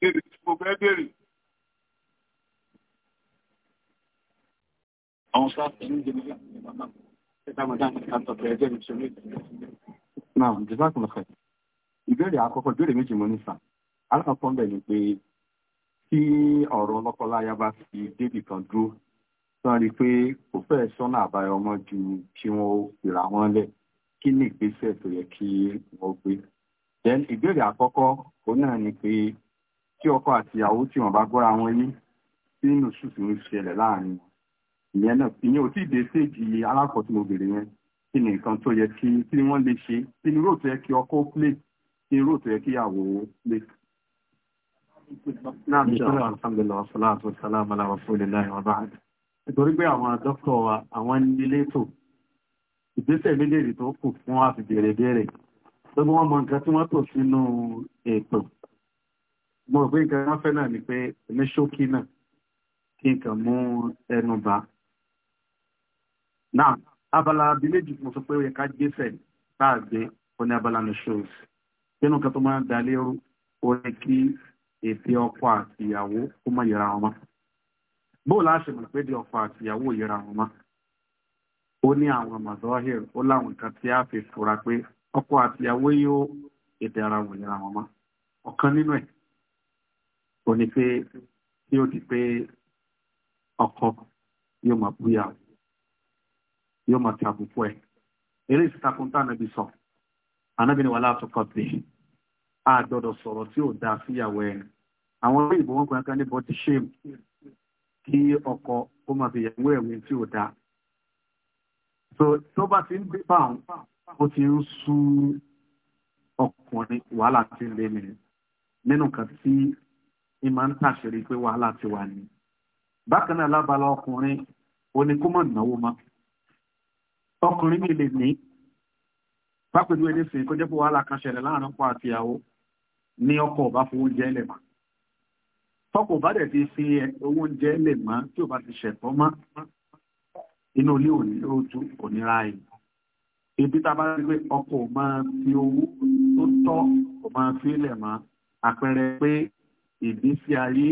béèrè tí mo fẹ́ béèrè. àwọn sáfì ní ìjẹun ní àgbàmọ ẹgbẹ́ àmọdá ní ká tọpẹ ẹgbẹ́ mi sọmí. náà jíjá kò lọ fẹ́ ìbéèrè àkọ́kọ́ ìbéèrè méjì mo ní sàn alákọ̀ọ́kọ́ bẹ̀ ni pé tí ọ̀rọ̀ lọ́kọláya bá fi débì kan dúró tán rí i pé kò fẹ́ sọ́nà àbáyọ ọmọ ju kí wọ́n fìrà wọn lẹ̀ kí ni ìgbésẹ̀ tó yẹ kí wọ́n gbé. ìbéèrè àkọ́kọ́ òun náà ni pé tí ọkọ àti ìyàwó tí wọ́n bá gbọ́ra wọn yé tí inú ṣùtù ń ṣẹlẹ̀ láàrin wọn ìyẹn náà ìyẹn ò tí ì dé séèjì alákọ̀ọ́ tí mo béèrè yẹn kí ni nǹkan tó yẹ kí kí ni wọ́n lè ṣe kí ni róòtù yẹ kí ọkọ plé kí ni róòtù yẹ kí ìyàwó plé. náà mi sọ́dọ̀ alhamdulilayi wa salatu wa salam ala rasulillahi wa ba'd nítorí pé àwọn dókítà wa àwọn nílé tó ìgbésẹ̀ méjèèjì tó kù fún àfìbèrè bèrè gbogbo wọn mọ nǹkan tí wọ́n tò sínú ètò mo rò pé nǹkan fẹ́ náà ni pé ní ṣókí náà kí nǹkan mú ẹnu bá. náà abala bíi mo sọ pé ó yẹ ká gbéṣẹ̀ tá a gbé ó abala ní nínú nǹkan tó máa ń da lérú ó yẹ kí ètè ọkọ kó má yẹra wọn mọ́. bó láṣẹ mọ̀ pé di ọkọ àti yẹra wọn mọ́. ó ní àwọn ó láwọn ò ní pé tí ó di pé ọkọ yóò máa búyà yóò máa tàbùkù ẹ eré ìsìtakùn tá ànábì sọ ànábì ni wà látọkọ pé a gbọ́dọ̀ sọ̀rọ̀ tí ò dáa síyàwó ẹ àwọn òyìnbó wọn kan kan ní body shame kí ọkọ ó máa fi yàwó ẹwé tí ò dáa so tó bá ti ń gbé báwọn ó ti ń sú ọkùnrin wàhálà ti lé mi nínú kan tí ni máa ń tàṣírí pé wàhálà ti wà ní. bákan náà lábala ọkùnrin òní kó mọ̀ náwó mọ́. ọkùnrin mi lè ní pápẹ́lú ẹni sìn kó jẹ́ pé wàhálà kan ṣẹlẹ̀ láàrin ọkọ àti ìyàwó ní ọkọ ò bá fowó oúnjẹ lẹ̀ mọ́. tọkọ bá dẹ̀ ti fi owó oúnjẹ lẹ̀ mọ́ tí ò bá ti ṣẹ̀tọ́ mọ́ inú ilé òní ó tú òníra ẹ̀. ibi tá a bá rí pé ọkọ máa fi owó tó tọ́ kò máa fi lẹ̀ mọ́ àpẹẹrẹ pé ìgbésí ayé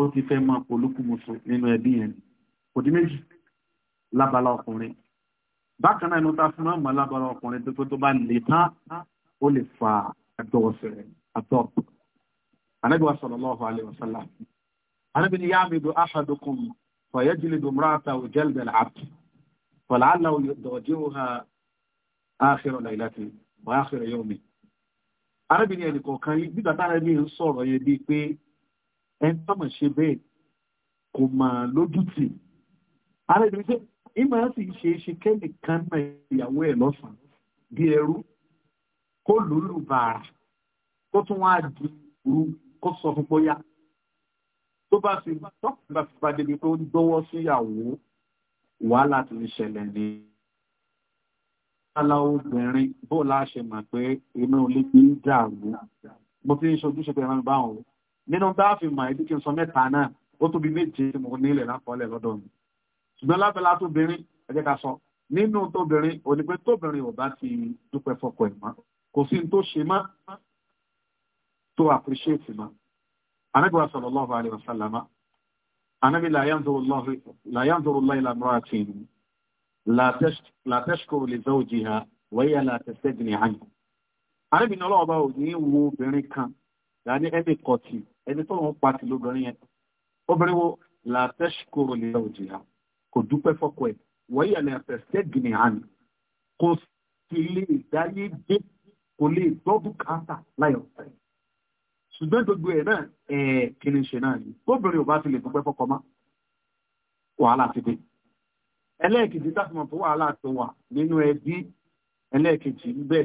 ó ti fẹ́ máa polúkúmuṣu nínú ẹbí yẹn kò dín méjì lábala ọkùnrin bákan náà inú ta fún máa mọ lábala ọkùnrin tó tó bá lè tán ó lè fa àdọ́ọ̀sẹ̀ àdọ́ọ̀pù anabi wa sallallahu alayhi wa sallam anabi ni yaamidu ahadukum fayajlidu imra'atahu jalda al-'abd fal'allahu yudawji'uha akhira laylati wa akhira yawmi arábìnrin ẹnìkọ̀ọ̀kan yìí nígbà tára mi ń sọ̀rọ̀ yẹn bíi pé ẹn tọ́mọ̀ ṣe bẹ́ẹ̀ kò mà lójútì arábìnrin ṣe ìmọ̀ á sì ṣe é ṣe kẹ́nìkan náà ìyàwó ẹ̀ lọ́sàn-án bí ẹrú kó lùlù bàrà kó tún wá di ru kó sọ fún bóyá tó bá fi tọ́kùnrin bá fi bá débi pé ó ń gbọ́wọ́ síyàwó wàhálà ti ṣẹlẹ̀ nìyí ala obìnrin bó láṣẹ mà pé inú ilé ti ń dàrú mo ti ń ṣojúṣe pé ẹran báwọn nínú bá fi mọ ẹbí kí n sọ mẹ́ta náà ó tóbi méje tí mo nílẹ̀ lápọ̀ọ́lẹ̀ lọ́dọ̀ mi ṣùgbọ́n lábẹ́lá tóbìnrin ẹ jẹ́ ká sọ nínú tóbìnrin òní pé tóbìnrin ò bá ti dúpẹ́ fọkọ ẹ̀ mọ́ kò sí ní tó ṣe mọ́ tó appreciate mọ́ anábìwá sallallahu alaihi wasallam anábì la yanzuru Allah ila imra'atin la tashkuru li zawjiha wa hiya la tastajni anhu. arábìnrin ọlọ́wọ́ bá ò ní wo obìnrin kan dání ẹni kọ̀tì ẹni tó ń pati lóbìnrin yẹn obìnrin wo la tashkuru li zawjiha kò dúpẹ́ fọ́kọ ẹ̀ wa hiya la tastajni anhu kò sì lè dáyé dé kò lè gbọ́ bùkátà láyọ̀ ọ̀tẹ̀ ṣùgbọ́n gbogbo ẹ̀ náà ẹ̀ kí ni ṣe náà ni obìnrin ò bá ti lè dúpẹ́ fọ́kọ mọ́ wàhálà ti dé ẹlẹ́ẹ̀kejì táfìmọ̀ tó wàhálà tó wà nínú ẹbí ẹlẹ́ẹ̀kejì níbẹ̀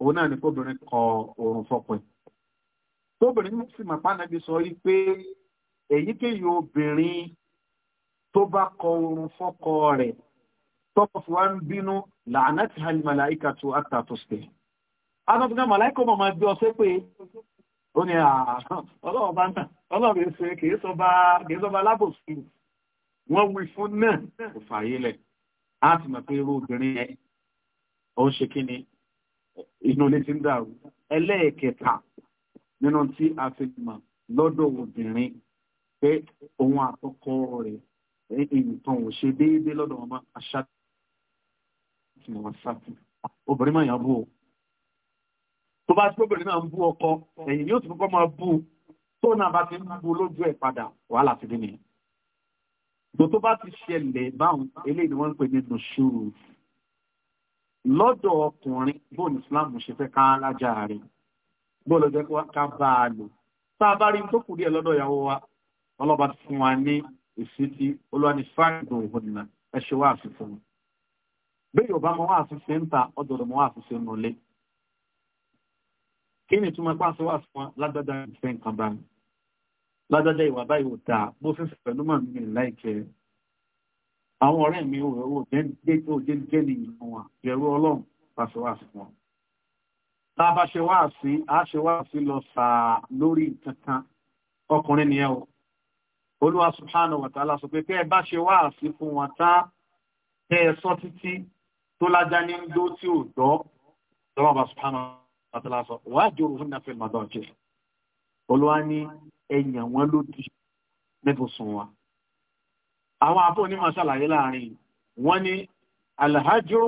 òun náà ni kóbìnrin kọ oorun fọpẹ́ tóbìnrin sì mà pàànàbí sọ yí pé èyíkéyìí obìnrin tó bá kọ oorun fọkọ rẹ̀ tọkọ fún wa ń bínú làánà ti hali màláìka tó àtà tó sè anabina màláìka ọmọ máa gbé ọ sépè ó ní ah, ọlọ́run bá ń tàn ọlọ́run kì í sọ bá lábòsí wọ́n wí fún náà kò fààyè lẹ̀ á ti mọ̀ pé irú obìnrin yẹn ó ń ṣe kí ni inú ilé ti ń dàrú ẹlẹ́ẹ̀kẹta nínú tí a fi mọ̀ lọ́dọ̀ obìnrin pé òun àtọkọ rẹ̀ nǹkan ò ṣe déédéé lọ́dọ̀ wọn aṣá tí wọ́n sáfù obìnrin máa yàn bú o tó bá tó obìnrin náà ń bú ọkọ ẹ̀yìn ni ó ti kọ́kọ́ máa bú tó náà bá ti ń bú lójú ẹ̀ padà wàhálà ti dín nìyẹn tó tó bá ti ṣẹlẹ̀ báwọn eléyìí ni wọ́n ń pè ní nùṣúrù lọ́dọ̀ ọkùnrin bóun islam ṣe fẹ́ ká lájà rẹ̀ bóun lọ́jọ́ ká bá a lò tá a bá rí tó kù díẹ̀ lọ́dọ̀ ìyàwó wa ọlọ́ba ti fún wa ní èsì tí olúwa ní fáìdù òhùnà ẹ ṣe wá àfihàn wọn bẹ́ẹ̀ yóò bá mọ wá àfihàn ń ta ọ̀dọ̀dọ̀ mọ wá àfihàn nù kí ni túmọ̀ pàṣẹ wá fún lágbádá ìfẹ́ nǹkan bá ládájá ìwà báyìí ò dáa bó fẹ́ pẹ̀lú màmí mi láìkẹ́ àwọn ọ̀rẹ́ mi ò rẹ̀wò jẹ́ ní ìlú wọn jẹ̀rú ọlọ́run bá ṣe wá sí wọn tá a bá ṣe wá sí a ṣe wá sí lọ sàá lórí kankan ọkùnrin ni ẹ o olúwa subhanahu wa ta'ala sọ pé tẹ́ ẹ bá ṣe wá sí fún wọn tá tẹ́ ẹ sọ títí tó lájá ní ń dó tí ò dọ́ lọ́wọ́ bá subhanahu wa ta'ala sọ wàá jòrò fún nàfẹ́ màdán jẹ́ olúwa ní ẹ̀yàn wọn lódì níbùsùn wọn àwọn àbọ̀ onímọ̀ ṣàlàyé láàrin wọn ni alhajru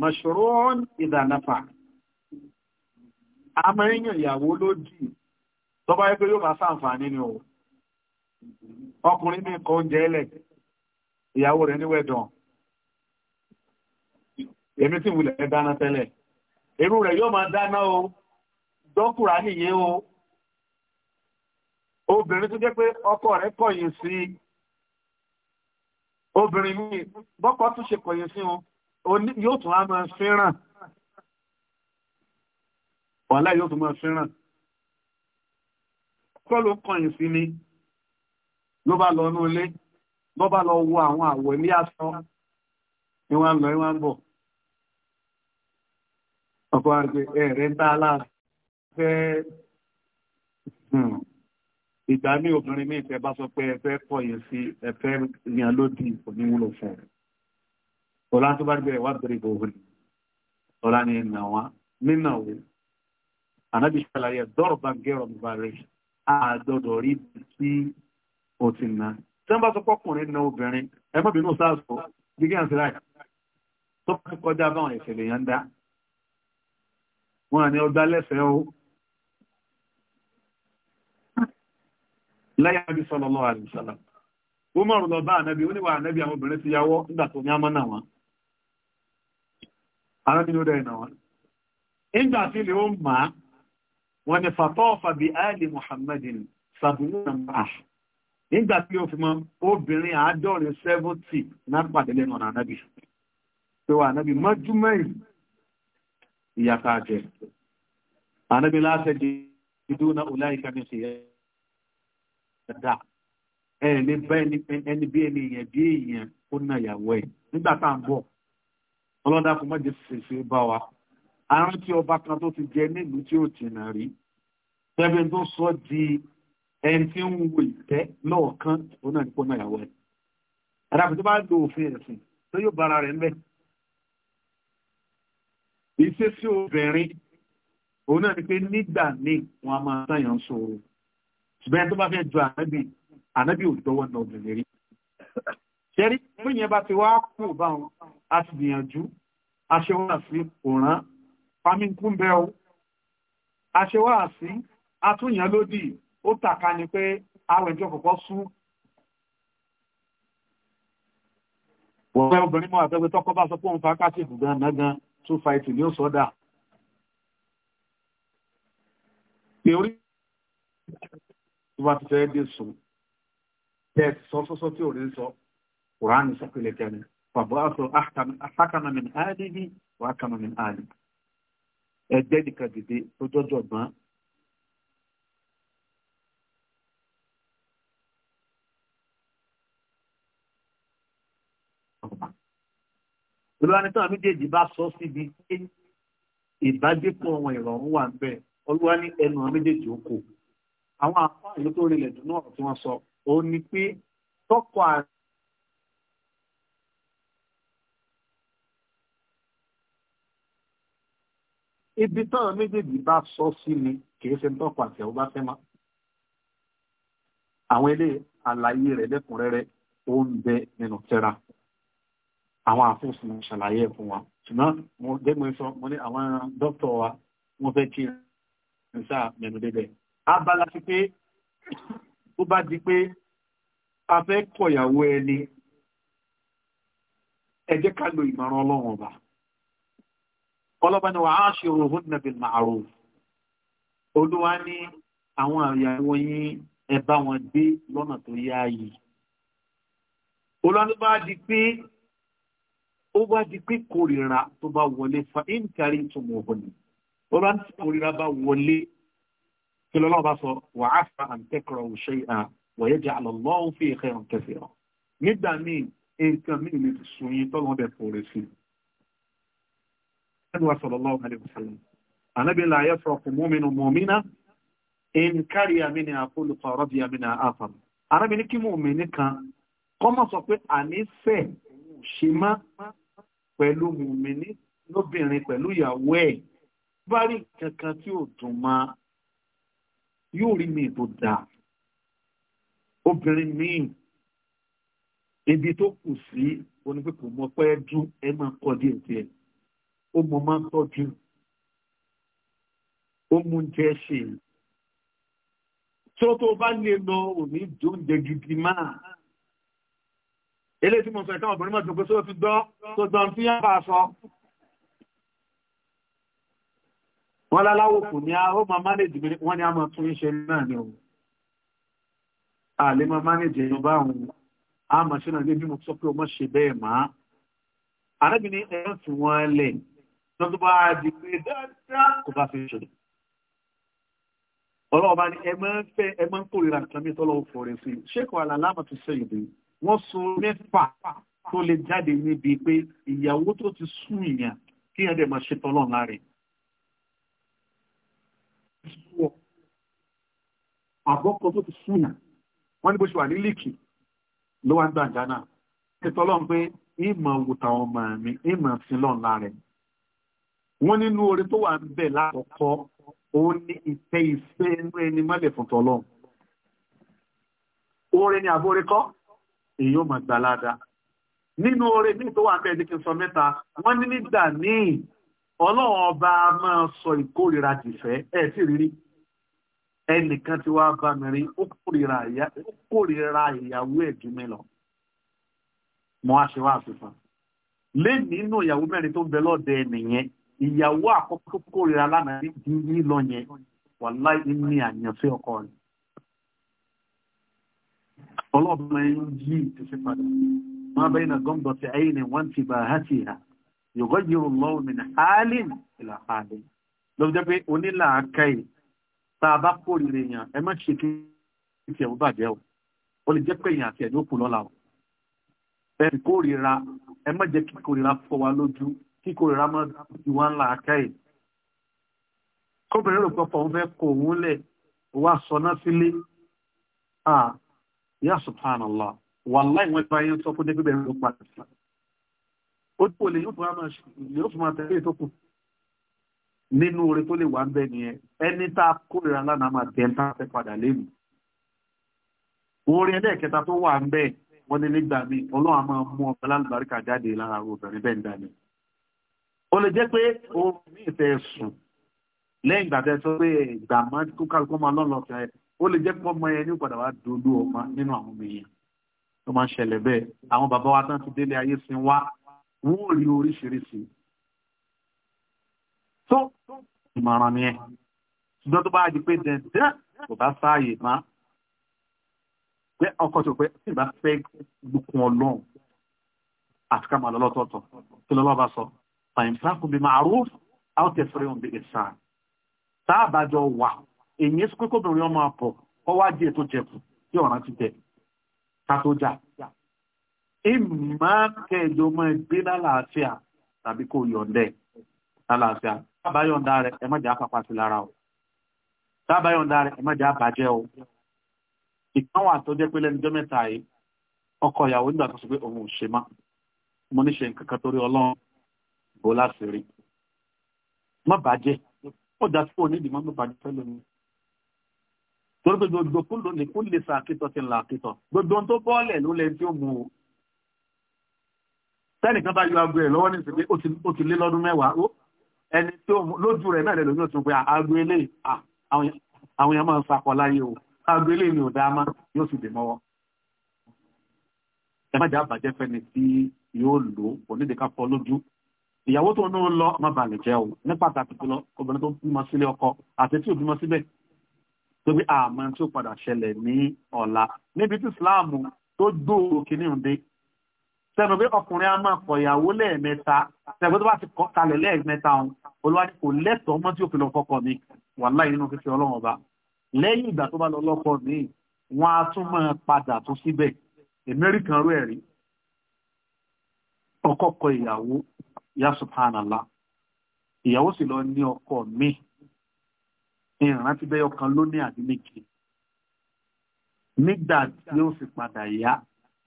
mashru'un idha nafa a máa ń yàn ìyàwó lódì tó bá yẹ pé yóò bá ṣàǹfààní ni o ọkùnrin ní nǹkan oúnjẹ ẹlẹ̀ ìyàwó rẹ̀ níwẹ̀dàn èmi tí wulẹ̀ dáná tẹ́lẹ̀ èrú rẹ̀ yóò máa dáná o dọ́kùnrà nìyẹn o obìnrin tó jẹ́ pé ọkọ rẹ̀ kọ̀yìn sí obìnrin míì bọ́kọ tún ṣe kọ̀yìn sí wọn yóò tún á máa fẹ́ràn wàhálà yóò tún máa fẹ́ràn kọ́ ló kọ̀yìn sí ni ló bá lọ inú ilé ló bá lọ wo àwọn àwọ̀ ilé aṣọ ni wọ́n lọ wọ́n bọ̀ ọkọ̀ àgbẹ̀ ẹ̀rẹ́ ń dá aláàfẹ́ ìgbà ní obìnrin mi ìfẹ́ bá sọ pé ẹfẹ́ pọ̀ yẹn sí ẹfẹ́ yẹn lódì oníwúlò fún un ọ̀la tó bá bẹ̀rẹ̀ wá bẹ̀rẹ̀ ìbò òhùn ọ̀la ni ẹ̀nà wa nínà wo ànábì ṣàlàyé dọ́rọ̀ bá gẹ́rọ̀ mi bá rẹ̀ àádọ́dọ̀ rí sí òtì náà tí wọ́n bá sọ pọ́kùnrin na obìnrin ẹ má bínú sáà sọ gbígbé láì tó bá kọjá báwọn ìṣẹ̀lẹ̀ yẹn ń dá wọn àní ọdá lẹ́sẹ̀ẹ́ la ya bi sallallahu alayhi wasallam umar lo ba nabi oni wa nabi awon obirin ti yawo nda to ni ama na wa ara ni ode na wa in ga ti le umma wa ni fatafa bi ali muhammadin sabuna ma in ga o fi ma obirin a do re 70 na pa de na nabi to wa nabi majumai ya ka je anabi la se di duna ulai ka ni siya dada ẹni bá ẹni bí ẹni èèyàn bí èèyàn ó na ìyàwó ẹ nígbà tá à ń bọ̀ ọlọ́dà kò má jẹ́ ṣèṣe bá wa arántí ọba kan tó ti jẹ nílùú tí ó jìnnà rí tẹ́bí tó sọ di ẹni tí ń wo ìtẹ́ lọ́ọ̀kan ó náà ní kó na ìyàwó ẹ àdàpọ̀ tó bá lo òfin ẹ̀sìn tó yóò bára rẹ̀ ńbẹ́ ìṣesí obìnrin òun náà ni pé nígbà míì wọn a máa sáyàn sọ̀rọ̀ ṣùgbọ́n ẹni tó bá fẹ́ ju ànábì ànábì ò dọ́wọ́ náà obìnrin rí ṣẹ́rí fún ìyẹn bá ti wá kú bá wọn a ti gbìyànjú aṣẹ́wọ́n àti òràn fámíkún bẹ́ o aṣẹ́wọ́n àti atúnyàn lódì ó tàka ni pé àwọn ìjọ kọ̀kọ́ sú wọ̀wẹ́ obìnrin mọ́ àtẹ́gbẹ́ tọ́kọ́ bá sọ pé òun fàákàtì ìdùgbà nágan tó fa ìtì ní ó sọ́dà tó bá ti fẹ́ dé sùn tẹ́ ẹ sọ sọ́sọ́ tí ò rí sọ kùránì sọ́kìlẹ̀ kẹrin bàbá àṣọ àṣàkànàmì àádé ní wàá kànàmì àádé ẹgbẹ́ nìkan dìde tó jọjọ gbọ́n. olùwàní tó àwọn bá sọ síbi pé ìbájẹ́pọ̀ wọn ìrọ̀rùn wà ń bẹ̀ olùwàní ẹnu àwọn ó kò àwọn àpá ìlú tó rinlẹ̀ dùn náà tí wọ́n sọ òun ni pé tọ́kọ àti. ibi tọ́rọ̀ méjèèjì bá sọ sí ni kì í ṣe tọ́kọ àti ẹ̀wọ́ bá fẹ́ mọ́. àwọn ilé àlàyé rẹ̀ lẹ́kùnrẹ́rẹ́ ó ń bẹ nínú tẹ́ra àwọn àfúnṣin ṣàlàyé ẹ̀ fún wa ṣùgbọ́n mo dẹ́gbẹ́ sọ mo ní àwọn dókítà wa wọ́n fẹ́ kí n sáà mẹ́nu débẹ̀ abala sí pé ó bá di pé a fẹ́ kọ̀yàwó ẹni ẹ jẹ́ ká lo ìmọ̀ràn ọlọ́run ọba ọlọ́ba ni wàá ṣe òhun nàbì màrò olúwa ní àwọn àyàwó yín ẹ wọn gbé lọ́nà tó yáàyè olúwa ló bá di pé ó bá di pé kórìíra tó bá wọlé fa íńkárí tó mọ̀ ọ́ ni olúwa ní kórìíra bá wọlé kí lọ́lọ́ bá sọ wà á fa àǹtẹ́kọ̀rọ̀ òṣè à wọ̀yẹ́ jẹ́ àlọ́lọ́hún fi ìkẹ́ hàn kẹsì hàn nígbà míì nǹkan míì lè sùn yín tọ́lọ́ bẹ̀ fòrè sí i. ẹnu wa sallallahu alaihi wasallam anabi la yafraqu mu'minu mu'mina in kariya minha khuluqan radiya minha akhar anabi ní kí mùmínì kan kọ́ mọ̀ sọ pé ànífẹ́ ṣe má pẹ̀lú mùmínì lóbìnrin pẹ̀lú ìyàwó ẹ̀ bá rí nǹkan tí ò dùn máa yóò rí míì tó dáa obìnrin míì ibi tó kù sí oní pé kò mọ pé dú ẹ máa kọ díẹ̀ díẹ̀ ó mọ máa ń tọ́jú ó mú oúnjẹ ṣe tó tó bá lè lọ òní jóúnjẹ gidi máa eléyìí tí mo sọ ìtàn ọ̀bùnrin mọ̀ tó pé sóò ti gbọ́ tó gbọ́n tí yẹn bá a sọ. wọ́n láláwò kò ní ó ma manage mi wọ́n ní a máa tún ṣe náà ni ohun àlè ma manage èèyàn bá òun a máa ṣe náà ní bí mo sọ pé o mọ́ ṣe bẹ́ẹ̀ máa arábìn ní ẹ̀rọ tí wọ́n lẹ̀ lọ́dún bá di pé dáadáa kò bá fi ṣe ọlọ́ọ̀bá ni ẹ máa ń fẹ́ ẹ máa ń kórìíra nǹkan mi tọ́lọ́ fọ̀ rẹ̀ sí ṣékò àlàlámà ti sọ ìdè wọ́n so mẹ́fà tó lè jáde níbi pé ìyàwó tó ti sún ìyàn kí ẹ̀ dẹ̀ máa ṣe tọ́lọ́ láàrin àbọ́kọ tó ti súnà wọ́n ní bó ṣe wà ní líkì ló wá ń gbàǹjà náà pé ìmọ̀ ọmọ mi ìmọ̀ wọ́n nínú tó wà ń bẹ̀ látọ̀kọ́ òun ní ìfẹ́ ìfẹ́ inú ẹni mọ́lẹ̀ fún oore ni àbórí kọ́ èyí mọ̀ nínú oore ní tó wà ń bẹ̀ ní kí n sọ mẹ́ta wọ́n ní nígbà míì ọlọ́run ọba máa sọ ìkórìíra ẹ̀ sì ẹnìkan tí wàá bá mi rí ó kórìíra ìyàwó ẹ̀ jù mí lọ mo á ṣe wá àfihàn lẹ́nu inú ìyàwó mẹ́rin tó ń bẹ lọ́dẹ nìyẹn ìyàwó àkọ́kọ́ kórìíra lánàá ní di yín lọ yẹn wàláì ní àyànfẹ́ ọkọ rẹ̀ ọlọ́ọ̀bùnmọ̀ ń yí ìtẹ̀sí padà ma bayna gọ́ǹdọ̀tì ayni wọ́n ti bá a ti hà yògọ́ yìí rò lọ́wọ́ mi ní hálìn ìlà hálìn lọ́wọ́ jẹ́ pé onílà akáyìí tá a bá kórìíra èèyàn ẹ má ṣe kí tiẹ̀ ó bàjẹ́ o ó lè jẹ́ pé èèyàn àti ẹ̀ ló kù lọ́la o ẹ sì kórìíra ẹ má jẹ́ kí kórìíra fọ wa lójú kí kórìíra má ju wá ńlá akẹ́yìn kóbìnrin rò pọ̀pọ̀ òun fẹ́ kó òun lẹ̀ wá sọ náà sílé ya subhanallah wàláì wọn gba yẹn sọ fún débìbẹ̀rẹ̀ ló padà sí ó dúró lè yóò fún wa máa tẹ̀lé tó kù nínú oore tó lè wà ń bẹ nìyẹn ẹni tá a kórìíra lánàá máa tẹ̀ ń tá a fẹ́ padà lẹ́nu oore ẹlẹ́ẹ̀kẹta tó wà ń bẹ wọ́n ní nígbà míì ọlọ́run a máa mú ọmọ alábàríkà jáde lára obìnrin bẹ́ẹ̀ ń dání ó lè jẹ́ pé oorun mi ìfẹ́ sùn lẹ́yìn ìgbà tẹ́ sọ pé ìgbà máa kó kálukú máa lọ́nà ọ̀fẹ́ ó lè jẹ́ pọ́ mọ ẹni padà wá dolú ọmọ nínú àwọn ọmọ èèyàn tó máa ń ṣẹlẹ̀ bẹ́ẹ̀ àwọn bàbá wa tán ti délé ayé sin wá wọ́n ò rí oríṣiríṣi tó ìmọ̀ràn ni ẹ ṣùgbọ́n tó bá di pé dandan kò bá sáàyè má pé ọkọ̀ tó pé tí ìbá fẹ́ gbókun ọlọ́run àti ká máa lọ lọ́tọ̀ọ̀tọ̀ kí lọ́lọ́ bá sọ fàyìntà kò bí máa rúf àwọn tẹ̀síọ̀rẹ́ òun bí ìsàn tá a bá jọ wà èyí sí pé kóbìnrin ọmọ àpọ̀ ọ wá díẹ̀ tó jẹ̀kù tí ọ̀ràn ti tẹ̀ ká tó jà ìmọ̀ kẹjọ mọ́ ẹgbẹ́ lálàáfíà tàbí kò yọ̀ǹdẹ̀ lálàáfíà tábáyọ̀ǹda rẹ̀ ẹ mọ́jà pàpà sí lára o tábáyọ̀ǹda rẹ̀ ẹ mọ́jà bàjẹ́ o ìkan wà tó jẹ́ pé lẹ́nujọ́ mẹ́ta yìí ọkọ ìyàwó nígbà tó sọ pé òun ò ṣe má mo ní ṣe nǹkan kan torí ọlọ́run bó láti rí má bàjẹ́ ó dá sí òní ìdìmọ́ má bàjẹ́ fẹ́ lónìí torí pé gbogbo kún lónìí kún lè sa àkítọ́ ti ń la àkítọ́ gbogbo ohun tó bọ́ọ̀lẹ̀ ló lẹ́ni tí ó mú o tẹ́nìkan bá yọ agbo ẹ̀ lọ́wọ́ ní ìsìnkú ó ti lé lọ́dún mẹ́wàá ẹni tí ó lójú rẹ̀ náà lẹ́lòmí òtún pé ah, aago eléyìí ah, àwọn èèyàn máa ń sakọ láyé o aago ni ò dáa má yóò sì dè mọ́wọ́. ẹ má jẹ́ àbàjẹ́ fẹ́ni tí yóò lò ó kò nídìí ká fọ́ lójú. ìyàwó tó ní ó lọ má balẹ̀ jẹ́ o ní pàtàkì jùlọ obìnrin tó bímọ sílé ọkọ àti tí ò bímọ síbẹ̀ tó bí àmọ́ tí ó padà ṣẹlẹ̀ ní ọ̀la níbi tí Islam tó gbòòrò kìnìún dé sẹ́nu pé ọkùnrin á máa kọ ìyàwó lẹ́ẹ̀mẹ́ta sẹ́nu tó bá ti kọ́ kalẹ̀ lẹ́ẹ̀mẹ́ta ọ̀hún olúwa ní kò lẹ́tọ̀ọ́ mọ́ tí ó fi lọ fọ́kọ mi wàláhì nínú fífi ọlọ́run ọba lẹ́yìn ìgbà tó bá lọ lọ́kọ mi wọ́n á tún máa padà tó síbẹ̀ èmẹ́rì kan rú ẹ̀rí ọkọ kọ ìyàwó ya subhanallah ìyàwó sì lọ ní ọkọ mi ìrántí bẹ́ẹ̀ ọkàn ló ní méje nígbà tí ó sì padà yá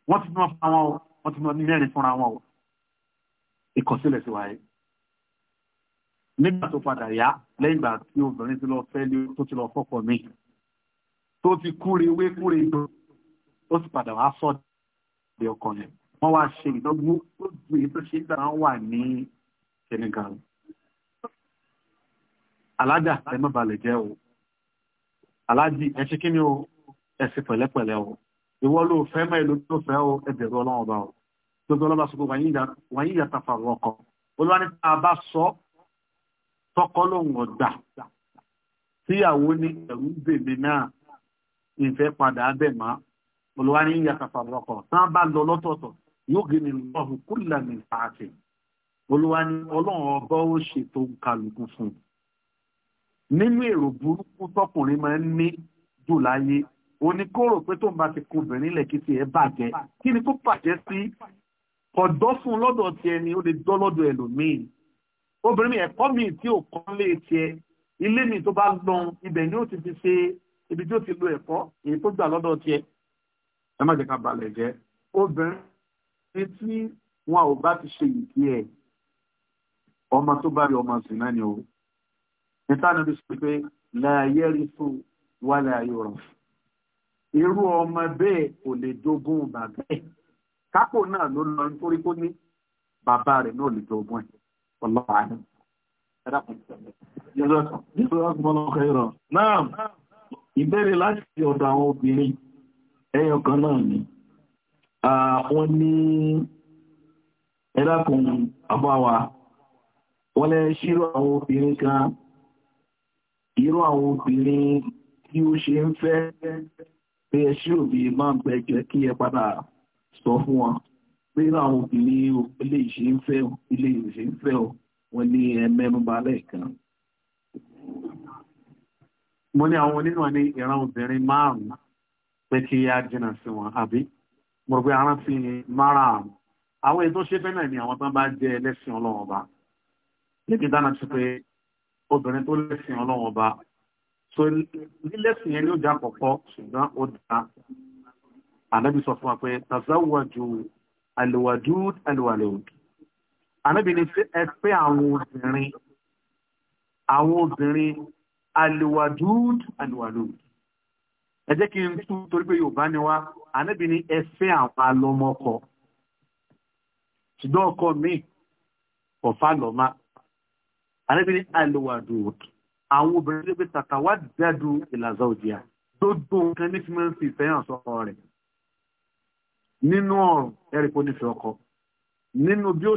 wọ́n ti máa fa wọ́n ti mọ ní mẹ́rin fúnra wọn o ìkọsílẹ̀ sí wáyé nígbà tó padà yá lẹ́yìn ìgbà tí obìnrin ti lọ fẹ́ lé tó ti lọ fọ́kọ mi tó ti kúre wé kúre tó ó sì padà wá sọ ọdẹ ọkọ yẹn wọ́n wá ṣe ìdọ́gbó tó ju èyí tó ṣe ń dára wà ní Senegal alájà ẹ má balẹ̀ jẹ́ o alájì ẹ ṣe kí ni o ẹ ṣe pẹ̀lẹ́pẹ̀lẹ́ o ìwọ ló fẹ́ mọ́ ìlú tó fẹ́ o ẹ̀bẹ̀rù ọlọ́run ọba o gbogbo ọlọ́ba sọ pé wọ́n yí ìyàtọ̀ fàrọ̀ ọkọ̀ olúwa ní tá a bá sọ tọkọ lòun ọ̀gbà tíyàwó ní ẹ̀rú bèbè náà ìfẹ́ padà bẹ̀ mọ́ olúwa ní ìyàtọ̀ fàrọ̀ ọkọ̀ tá a bá lọ lọ́tọ̀ọ̀tọ̀ yóò gé ní lọ́hùn kúlà ní pàṣẹ olúwa ní ọlọ́run ọba ó ṣètò kálukú fún nínú èrò burúkú tọkùnrin máa ń ní jù láyé òní kó rò pé tó ń bá ti kun obìnrin lẹ̀ kí ẹ̀ bàjẹ́ kí ni kó bàjẹ́ sí ọ̀dọ́ fún lọ́dọ̀ tiẹ̀ ni ó lè dọ́ lọ́dọ̀ ẹlòmíì obìnrin mi ẹ̀kọ́ mi tí ò kọ́ lé tiẹ̀ ilé mi tó bá lọ ibẹ̀ ni ó ti fi ṣe ibi tí ó ti lo ẹ̀kọ́ èyí tó gbà lọ́dọ̀ tiẹ̀ ẹ má jẹ́ ká balẹ̀ jẹ́ obìnrin tí wọn ò bá ti ṣe ìdí ẹ̀ ọmọ tó bá rí ọmọ sí náà ni o nítorí pé láàyè rí fún wàhálà yóò rọ̀ fún irú ọmọ bẹ́ẹ̀ kò lè dogun bàbá ẹ̀ kápò náà ló lọ nítorí kó ní bàbá rẹ̀ náà lè dogun ẹ̀ ọlọ́wà ní. Naam, ìbéèrè láti ọ̀dọ̀ àwọn obìnrin ẹyọ kan náà ni. Wọ́n ní ẹ̀dàkùn àbáwà, wọ́n lẹ́ ṣírò àwọn obìnrin kan, irú àwọn obìnrin tí ó ṣe ń fẹ́ pé ẹ ṣí òbí máa ń bẹ jẹ kí ẹ padà sọ fún wọn pé àwọn obìnrin ilé ìṣe ń fẹ́ ilé ìṣe ń fẹ́ wọn ní ẹ mẹ́nu balẹ̀ kan mo ní àwọn onímọ̀ ní ìran obìnrin márùn-ún pé kí á jìnà sí wọn àbí mo rò pé ara fi márùn-ún àwọn ètò ṣe fẹ́ràn ni àwọn tó bá jẹ́ ẹlẹ́sìn ọlọ́wọ́n ọba níbi dáná ti pé obìnrin tó lẹ́sìn ọlọ́wọ́n ọba so lílẹ̀sìn yẹn ló dá kọ̀kọ́ ṣùgbọ́n ó dá ànábì sọ fún wa pé tazawwaju alwadud alwalud ànábì ni ẹ pé àwọn obìnrin àwọn obìnrin alwadud alwalud ẹ jẹ́ kí n tú torí pé yorùbá ni wá ànábì ni ẹ fẹ́ àwọn alọ́mọkọ ṣùgbọ́n ọkọ mi kò lọ́mà ànábì ni alwadud àwọn obìnrin tó pé tàtà wá dẹ́dù ìlàzà òjìyà gbogbo nǹkan ní fi máa ń fi ìfẹ́ hàn sọ́kọ rẹ̀ nínú ọ̀rùn ẹ̀rí kò nífẹ̀ẹ́ ọkọ nínú bí ó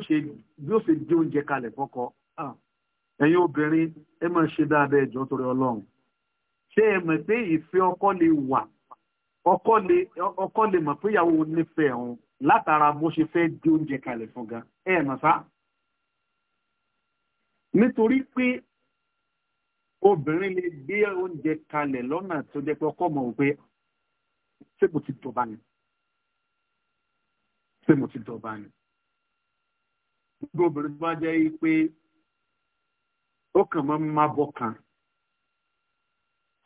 ṣe dé oúnjẹ kalẹ̀ fọ́kọ ah, ẹ̀yin obìnrin ẹ máa ṣe dáadáa ẹ̀jọ́ torí ọlọ́run ṣé ẹ mọ̀ pé ìfẹ́ ọkọ lè wà ọkọ lè mọ̀ pé ìyàwó nífẹ̀ẹ́ òun látara bó ṣe fẹ́ dé oúnjẹ kalẹ̀ fún gan ẹ̀ mọ̀ sá nítorí pé obìnrin lè gbé oúnjẹ kalẹ̀ lọ́nà tó jẹ́ pé ọkọ mọ̀ wípé ṣé mo ti dọ̀bà ni ṣé mo ti dọ̀bà ni. gbogbo obìnrin tó bá jẹ́ pé ó kàn máa ń má bọ́ kan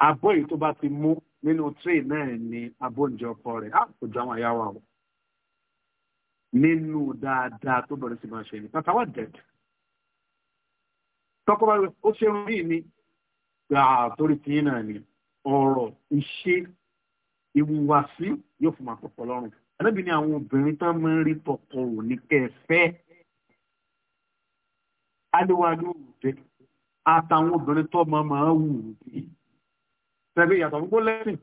abọ́ yìí tó bá ti mú nínú tray náà ni abọ́ oúnjẹ ọkọ rẹ̀ á kò jọ àwọn àyàwó àwọn nínú dáadáa tó bẹ̀rẹ̀ sí máa ṣe ni tàtàwà dẹ̀dẹ̀ tọkọ bá ṣe ń rí ni gbà torí tìyín náà ni ọ̀rọ̀ ìṣe ìwùwàsí yóò fún máa tọ̀pọ̀ lọ́rùn anábì ní àwọn obìnrin tán máa ń rí tọ̀pọ̀ rò ní kẹfẹ́ aléwájú òde àtàwọn obìnrin tó máa máa wù ú bí tẹ̀lé ìyàtọ̀ gbogbo lẹ́sìn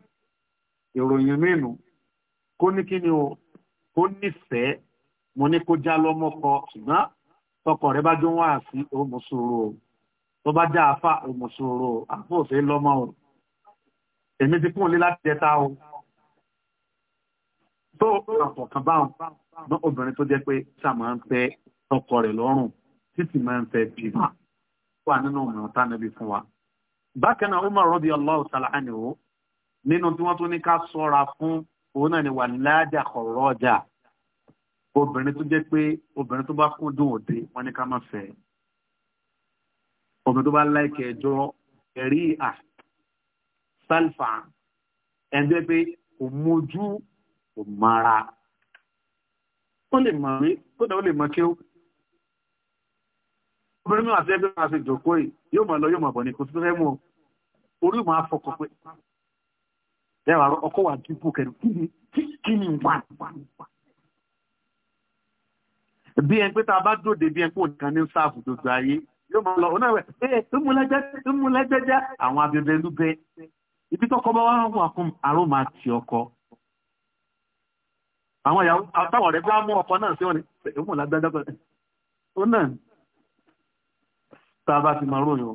ìròyìn mẹ́nu kó ní kí ni o kó nífẹ̀ẹ́ mo ní kó já lọ́mọ́kọ ṣùgbọ́n tọkọ rẹ bá jó wá sí òun mọ̀ sóró tó bá já afá òmùsòrò àfóòsè lọ́mọ o èmi ti kún lé láti ẹta o tó àpọ̀kan báwọn ní obìnrin tó jẹ́ pé sà máa ń fẹ́ ọkọ rẹ̀ lọ́rùn títí máa ń fẹ́ bímọ wà nínú ọ̀nà tánàbí fún wa bákan náà Umar radiyallahu ta'ala anhu nínú tí wọ́n tún ní ká sọ́ra fún òun náà ni wà láàjà kọ̀rọ̀ ọjà obìnrin tó jẹ́ pé obìnrin tó bá kún dùn òde wọ́n ní ká má fẹ́ ọmọ tó bá láìkẹ́ ẹjọ́ ẹ̀rí à sálfà ẹgbẹ́ pé kò mójú kò mara ó lè mọ̀ rí kódà ó lè mọ̀ kí ó obìnrin náà àti ẹgbẹ́ máa ṣe jòkó yìí yóò máa lọ yóò máa bọ̀ ní kò sí fẹ́ mú orí máa fọkọ pé ẹwà ọkọ wà dípò kẹrin kí ni kí ni wà bí ẹn pé tá a bá dòde bí ẹn pé òǹkan ní sáàfù gbogbo ayé yóò máa lọ onáwẹ̀ ẹ túmúlẹ́jẹ́jẹ́ àwọn abẹ̀bẹ̀lúbẹ ibi tọ́kọ bá wọ́n wà fún àrùn máa ti ọkọ àwọn ìyàwó àtàwọn ọ̀rẹ́ bá mú ọkọ náà sí wọn ni èmi ò lágbájá ó náà tá a bá ti máa ròyìn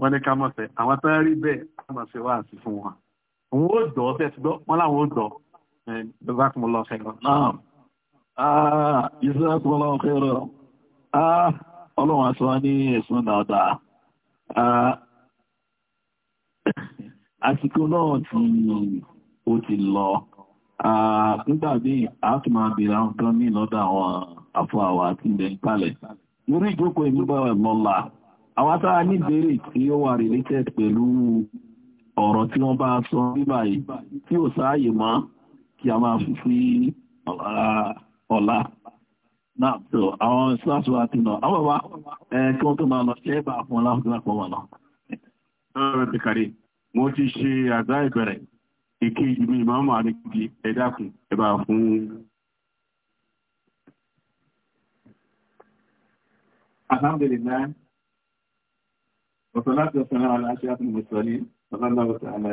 wọn ní ká mọ̀ fẹ́ àwọn tó ń rí bẹ́ẹ̀ ká mọ̀ fẹ́ wá sí fún wọn òun ó dọ̀ ọ́ fẹ́ ti gbọ́ wọn láwọn ó dọ̀ ẹ bá kún un lọ fẹ́ lọ. náà ìṣẹ́ àkùnrin ọ̀hún kẹrọ ọlọ́run aṣọ ní ẹ̀sùn dáadáa àsìkò náà tí ti lọ nígbà bí ní lọ́dọ̀ àwọn àfọ àti ilẹ̀ ìpalẹ̀ lórí ìjókòó mọ́lá àwọn ní ìbéèrè tí ó wà related pẹ̀lú ọ̀rọ̀ tí wọ́n bá sọ nígbà yìí tí ò sáàyè mọ́ a máa fi sí náà tó àwọn ìsìláṣù àti náà àwọn bàbá eh, kí wọ́n tó máa lọ ṣe é bá fún aláwọ̀dúnlápọ̀ wọn lọ. ọ̀rọ̀ ti kàrí mo ti ṣe àdá ìbẹ̀rẹ̀ ìkí ìlú ìmáàmù àdékìkì ẹ̀dákùn ẹ̀bà fún alhamdulillah wasalatu wasalamu ala ashrafil mursalin sallallahu ta'ala